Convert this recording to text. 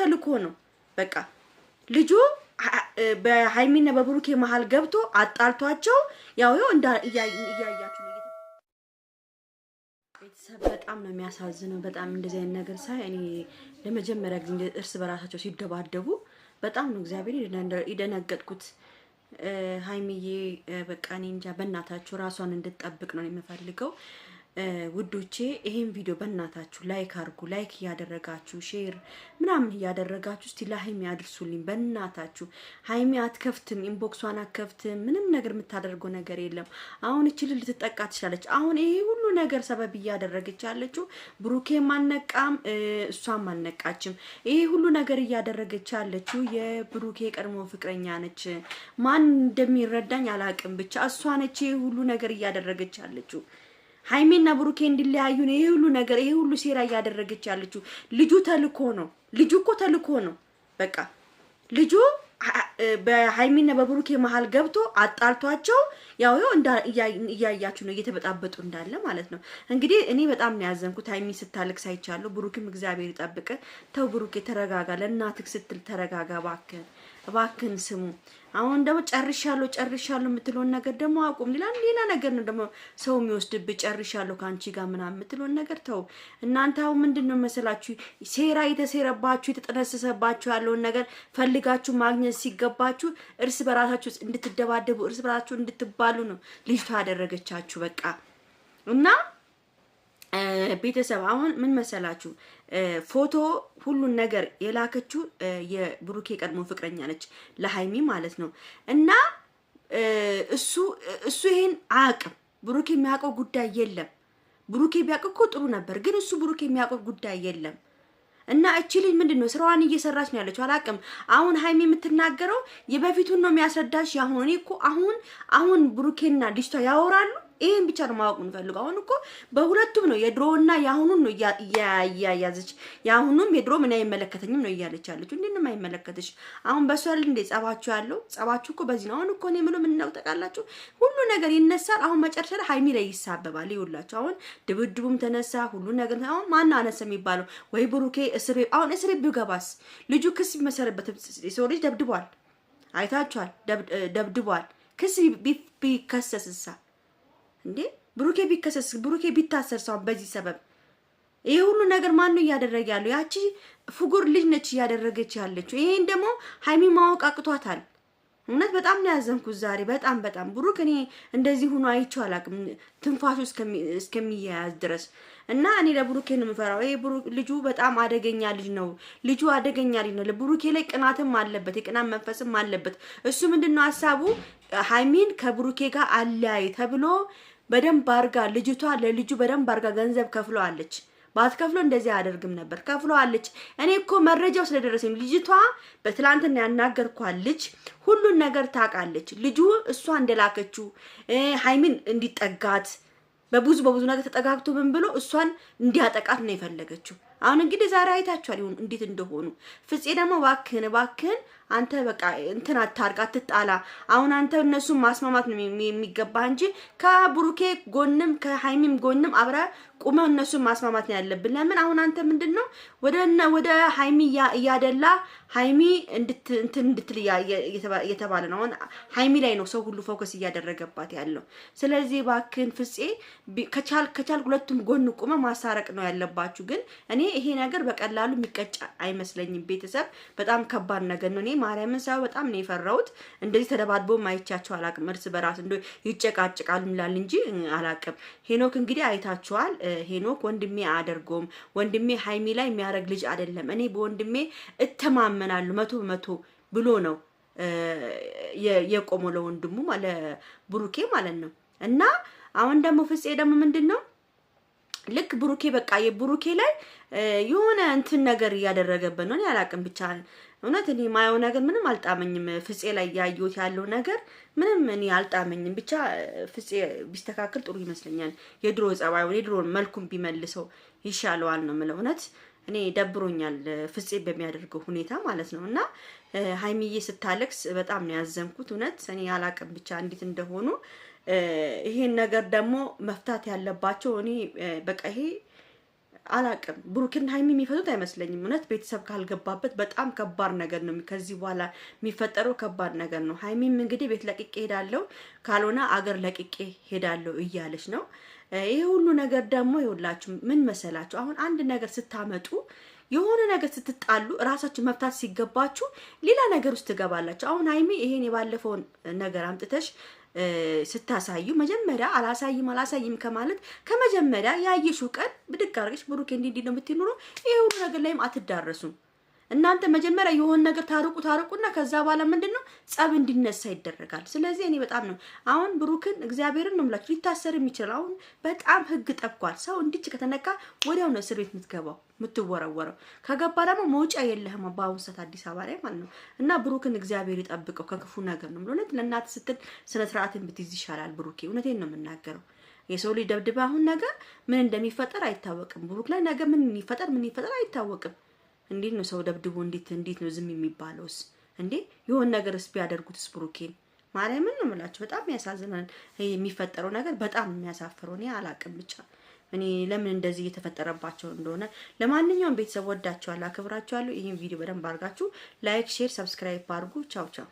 ተልኮ ነው። በቃ ልጁ በሃይሚና በብሩኬ መሀል ገብቶ አጣልቷቸው ያው ይኸው እያያችሁ ቤተሰብ በጣም ነው የሚያሳዝነው። በጣም እንደዚህ አይነት ነገር ሳይ እኔ ለመጀመሪያ ጊዜ እርስ በራሳቸው ሲደባደቡ በጣም ነው እግዚአብሔር የደነገጥኩት። ሀይሚዬ በቃ እኔ እንጃ በእናታቸው ራሷን እንድትጠብቅ ነው የምፈልገው። ውዶቼ ይሄን ቪዲዮ በእናታችሁ ላይክ አርጉ። ላይክ እያደረጋችሁ ሼር ምናምን እያደረጋችሁ እስቲ ለሀይሚ አድርሱልኝ በእናታችሁ። ሀይሚ አትከፍትም፣ ኢንቦክሷን አትከፍትም። ምንም ነገር የምታደርገው ነገር የለም። አሁን እችል ልትጠቃ ትችላለች። አሁን ይሄ ሁሉ ነገር ሰበብ እያደረገች ያለችው ብሩኬም አልነቃም፣ እሷም አልነቃችም። ይሄ ሁሉ ነገር እያደረገች ያለችው የብሩኬ ቀድሞ ፍቅረኛ ነች። ማን እንደሚረዳኝ አላቅም፣ ብቻ እሷ ነች ይሄ ሁሉ ነገር እያደረገች ያለችው። ሀይሜና ብሩኬ እንዲለያዩ ነው ይሄ ሁሉ ነገር ይሄ ሁሉ ሴራ እያደረገች ያለችው። ልጁ ተልኮ ነው። ልጁ እኮ ተልኮ ነው። በቃ ልጁ በሀይሜና በብሩኬ መሀል ገብቶ አጣልቷቸው ያው ያው እያያችሁ ነው እየተበጣበጡ እንዳለ ማለት ነው። እንግዲህ እኔ በጣም ነው ያዘንኩት ሀይሚ ስታልቅ ሳይቻለሁ። ብሩክም እግዚአብሔር ይጠብቅ። ተው ብሩኬ ተረጋጋ፣ ለእናትህ ስትል ተረጋጋ እባክህ። እባክን ስሙ። አሁን ደግሞ ጨርሻለሁ ጨርሻለሁ የምትለውን ነገር ደግሞ አቁም። ሌላ ሌላ ነገር ነው ደግሞ ሰው የሚወስድብህ። ጨርሻለሁ ከአንቺ ጋር ምናምን የምትለውን ነገር ተው። እናንተ አሁን ምንድን ነው መሰላችሁ ሴራ የተሴረባችሁ የተጠነሰሰባችሁ ያለውን ነገር ፈልጋችሁ ማግኘት ሲገባችሁ እርስ በራሳችሁ እንድትደባደቡ እርስ በራሳችሁ እንድትባሉ ነው ልጅቷ ያደረገቻችሁ በቃ እና ቤተሰብ አሁን ምን መሰላችሁ፣ ፎቶ ሁሉን ነገር የላከችው የብሩኬ ቀድሞ ፍቅረኛ ነች ለሀይሚ ማለት ነው። እና እሱ እሱ ይሄን አያውቅም። ብሩኬ የሚያውቀው ጉዳይ የለም። ብሩኬ ቢያውቅ እኮ ጥሩ ነበር፣ ግን እሱ ብሩኬ የሚያውቀው ጉዳይ የለም። እና እቺ ልጅ ምንድን ነው ስራዋን እየሰራች ነው ያለችው? አላውቅም። አሁን ሀይሚ የምትናገረው የበፊቱን ነው የሚያስረዳች። ያሁን እኮ አሁን አሁን ብሩኬና ልጅቷ ያወራሉ ይሄን ብቻ ነው ማወቅ የምንፈልገው። አሁን እኮ በሁለቱም ነው የድሮውና የአሁኑን ነው እያያዘች የአሁኑም የድሮ ምን አይመለከተኝም ነው እያለች ያለች። እንዴት ነው የማይመለከተሽ? አሁን በሱ አይደል እንዴ ጸባችሁ ያለው? ጸባችሁ እኮ በዚህ ነው። አሁን እኮ እኔ ምንም እናውጠቃላችሁ ሁሉ ነገር ይነሳል። አሁን መጨረሻ ላይ ሀይሚ ላይ ይሳበባል። ይውላችሁ አሁን ድብድቡም ተነሳ፣ ሁሉ ነገር አሁን ማን አነሰ የሚባለው ወይ ብሩኬ እስር ቤት አሁን እስር ቤት ቢገባስ ልጁ ክስ ቢመሰረበት የሰው ልጅ ደብድቧል። አይታችኋል፣ ደብድቧል። ክስ ቢከሰስሳ እንዴ ብሩኬ ቢከሰስ ብሩኬ ቢታሰር ሰው በዚህ ሰበብ ይሄ ሁሉ ነገር ማን ነው እያደረገ ያለው? ያቺ ፍጉር ልጅ ነች እያደረገች ያለችው። ይሄን ደግሞ ሀይሚ ማወቅ አቅቷታል። እውነት በጣም ነው ያዘንኩት ዛሬ በጣም በጣም ብሩክ፣ እኔ እንደዚህ ሆኖ አይቼው አላውቅም፣ ትንፋሹ እስከሚያያዝ ድረስ እና እኔ ለብሩኬ ነው የምፈራው። ይሄ ብሩክ ልጁ በጣም አደገኛ ልጅ ነው። ልጁ አደገኛ ልጅ ነው። ለብሩኬ ላይ ቅናትም አለበት፣ የቅናት መንፈስም አለበት። እሱ ምንድነው ሀሳቡ ሀይሚን ከብሩኬ ጋር አለያይ ተብሎ በደንብ አርጋ ልጅቷ ለልጁ በደንብ አርጋ ገንዘብ ከፍለዋለች። ባትከፍሎ እንደዚህ አያደርግም ነበር። ከፍለዋለች። እኔ እኮ መረጃው ስለደረሰኝ ልጅቷ በትላንትና ያናገርኳት ልጅ ሁሉን ነገር ታውቃለች። ልጁ እሷ እንደላከችው ሀይሚን እንዲጠጋት በብዙ በብዙ ነገር ተጠጋግቶ ምን ብሎ እሷን እንዲያጠቃት ነው የፈለገችው። አሁን እንግዲህ ዛሬ አይታችኋል ይሁን እንዴት እንደሆኑ። ፍፄ ደግሞ ባክህን ባክህን አንተ በቃ እንትን አታርቅ፣ አትጣላ። አሁን አንተ እነሱን ማስማማት ነው የሚገባ እንጂ ከብሩኬ ጎንም ከሀይሚም ጎንም አብረ ቁመው እነሱን ማስማማት ነው ያለብን። ለምን አሁን አንተ ምንድን ነው ወደ ሀይሚ እያደላ ሀይሚ እንትን እንድትል እየተባለ ነው። አሁን ሀይሚ ላይ ነው ሰው ሁሉ ፎከስ እያደረገባት ያለው። ስለዚህ ባክን ፍፄ ከቻል ሁለቱም ጎን ቁመ ማሳረቅ ነው ያለባችሁ። ግን እኔ ይሄ ነገር በቀላሉ የሚቀጭ አይመስለኝም። ቤተሰብ በጣም ከባድ ነገር ነው። ማርያምን ሳይሆን በጣም ነው የፈራሁት። እንደዚህ ተደባድቦ ማይቻቸው አላቅም። እርስ በራስ እንደ ይጨቃጭቃሉ ይላል እንጂ አላቅም። ሄኖክ እንግዲህ አይታችኋል። ሄኖክ ወንድሜ አደርጎም ወንድሜ ሀይሚ ላይ የሚያደርግ ልጅ አይደለም። እኔ በወንድሜ እተማመናሉ መቶ በመቶ ብሎ ነው የቆመው ለወንድሙ ለብሩኬ ማለት ነው። እና አሁን ደግሞ ፍፄ ደግሞ ምንድን ነው ልክ ብሩኬ በቃ የብሩኬ ላይ የሆነ እንትን ነገር እያደረገብን ነው። ያላቅም ብቻ እውነት እኔ ማየው ነገር ምንም አልጣመኝም። ፍፄ ላይ እያየሁት ያለው ነገር ምንም እኔ አልጣመኝም። ብቻ ፍፄ ቢስተካከል ጥሩ ይመስለኛል። የድሮ ጸባዩ የድሮ መልኩም ቢመልሰው ይሻለዋል ነው የምለው እውነት እኔ ደብሮኛል ፍፄ በሚያደርገው ሁኔታ ማለት ነው። እና ሀይሚዬ ስታለቅስ በጣም ነው ያዘንኩት እውነት እኔ ያላቅም ብቻ እንዴት እንደሆኑ ይሄን ነገር ደግሞ መፍታት ያለባቸው እኔ በቃ ይሄ አላቅም ብሩክና ሀይሚ የሚፈቱት አይመስለኝም። እውነት ቤተሰብ ካልገባበት በጣም ከባድ ነገር ነው። ከዚህ በኋላ የሚፈጠረው ከባድ ነገር ነው። ሀይሚም እንግዲህ ቤት ለቅቄ ሄዳለሁ፣ ካልሆነ አገር ለቅቄ ሄዳለሁ እያለች ነው። ይህ ሁሉ ነገር ደግሞ ይኸውላችሁ ምን መሰላችሁ፣ አሁን አንድ ነገር ስታመጡ የሆነ ነገር ስትጣሉ ራሳችን መፍታት ሲገባችሁ ሌላ ነገር ውስጥ ትገባላችሁ። አሁን ሀይሚ ይሄን የባለፈውን ነገር አምጥተሽ ስታሳዩ መጀመሪያ አላሳይም አላሳይም ከማለት ከመጀመሪያ ያየሽው ቀን ብድግ አድርገሽ ብሩኬ እንዲህ እንዲህ ነው የምትኖረው ይሄ ሁሉ ነገር ላይም አትዳረሱም። እናንተ መጀመሪያ የሆን ነገር ታርቁ ታርቁና ከዛ በኋላ ምንድን ነው ጸብ እንዲነሳ ይደረጋል። ስለዚህ እኔ በጣም ነው አሁን ብሩክን እግዚአብሔርን ነው ምላችሁ ሊታሰር የሚችል አሁን በጣም ህግ ጠብቋል። ሰው እንዲች ከተነካ ወዲያው ነው እስር ቤት የምትገባው የምትወረወረው። ከገባ ደግሞ መውጫ የለህም በአሁኑ ሰዓት አዲስ አበባ ላይ ማለት ነው። እና ብሩክን እግዚአብሔር ይጠብቀው ከክፉ ነገር ነው። እውነት ለእናት ስትል ስነ ብትይዝ ይሻላል። ብሩኬ እውነቴን ነው የምናገረው። የሰው ልጅ ደብድበ አሁን ነገር ምን እንደሚፈጠር አይታወቅም። ብሩክ ላይ ነገር ምን ይፈጠር ምን ይፈጠር አይታወቅም። እንዴት ነው ሰው ደብድቦ እንዴት እንዴት ነው ዝም የሚባለውስ? እንዴ የሆን ነገርስ ቢያደርጉትስ ብሩኬን ማርያምን ነው የምላችሁ። በጣም ያሳዝናል የሚፈጠረው ነገር፣ በጣም የሚያሳፍረው። እኔ አላቅም ብቻ እኔ ለምን እንደዚህ እየተፈጠረባቸው እንደሆነ። ለማንኛውም ቤተሰብ ወዳችኋለሁ፣ አክብራችኋለሁ። ይህን ቪዲዮ በደንብ አድርጋችሁ ላይክ፣ ሼር፣ ሰብስክራይብ አድርጉ። ቻው ቻው።